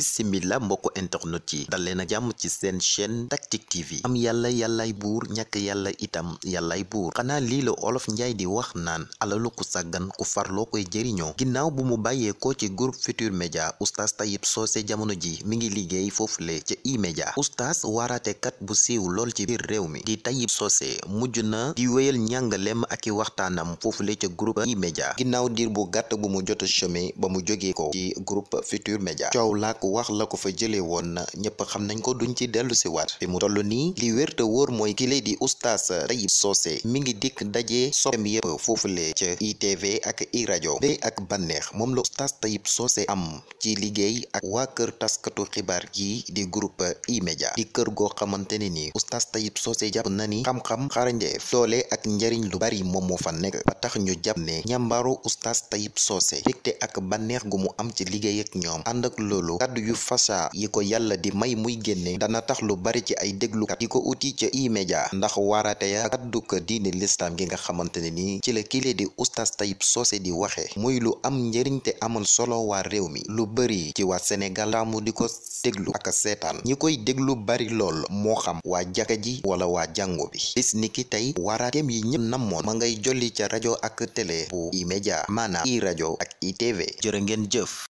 bismillah mbokk internet yi dal leen ak jàmm ci seen chaîne Tactic TV am yàlla yàllaay buur ñàkk yalla itam yàllaay buur xanaa lii la olof njaay di wax naan alalu ku sàggan ku farloo koy jëriñoo ginnaaw bu mu bàyyeekoo ci groupe Futurs Médias oustaz Taib Socé jamono ji mi ngi liggéey foofule ca E-Média oustaz waaraatekat bu siiw lool ci biir réew mi di Taib Socé mujj na di wéyal njàngaleem ak i waxtaanam foofule ca groupe E-Média ginnaaw diir bu gàtt a chômé wax la ko fa jëlee woon na ñëpp xam nañ ko duñ ci dellu si waat bi mu toll nii li wérte wóor mooy ki lay di oustaz Tayib Socé mi ngi dikk dajee soppeem yëpp foofulee ca ITV ak i rajo bee ak bànneex moom la oustaz Tayib Socé am ci liggéey ak waa kër taskatu xibaar yi di groupe E-Media di kër goo xamante ne ni oustaz Tayib Socé jàpp na ni xam-xam xarañdeef doole ak njariñ lu bari moom moo fa nekk ba tax ñu jàpp ne ñàmbaaru oustaz Tayib Socé dikte ak bànneex gu mu am ci liggéey ak ñoom ànd loolu kàddu yu fasaa yi ko yàlla di may muy génne dana tax lu bari ci ay déglukat di ko uti ca e-média ndax waarate ya kaddu ko diine lislaam gi nga xamante ne nii ci la kile di oustaz Taib Socé di waxe muy lu am njëriñ te amal solo waa réew mi lu bari ci waa Sénégal taamu di ko déglu ak seetaan ñi koy déglu bari lool moo xam waa jàkka ji wala waa jàngo bi bis ni ki tey waaraateem yi ñëpp namoon ma ngay jolli ca rajo ak télé bu e-média i rajo ak i tv jërë ngeen jëf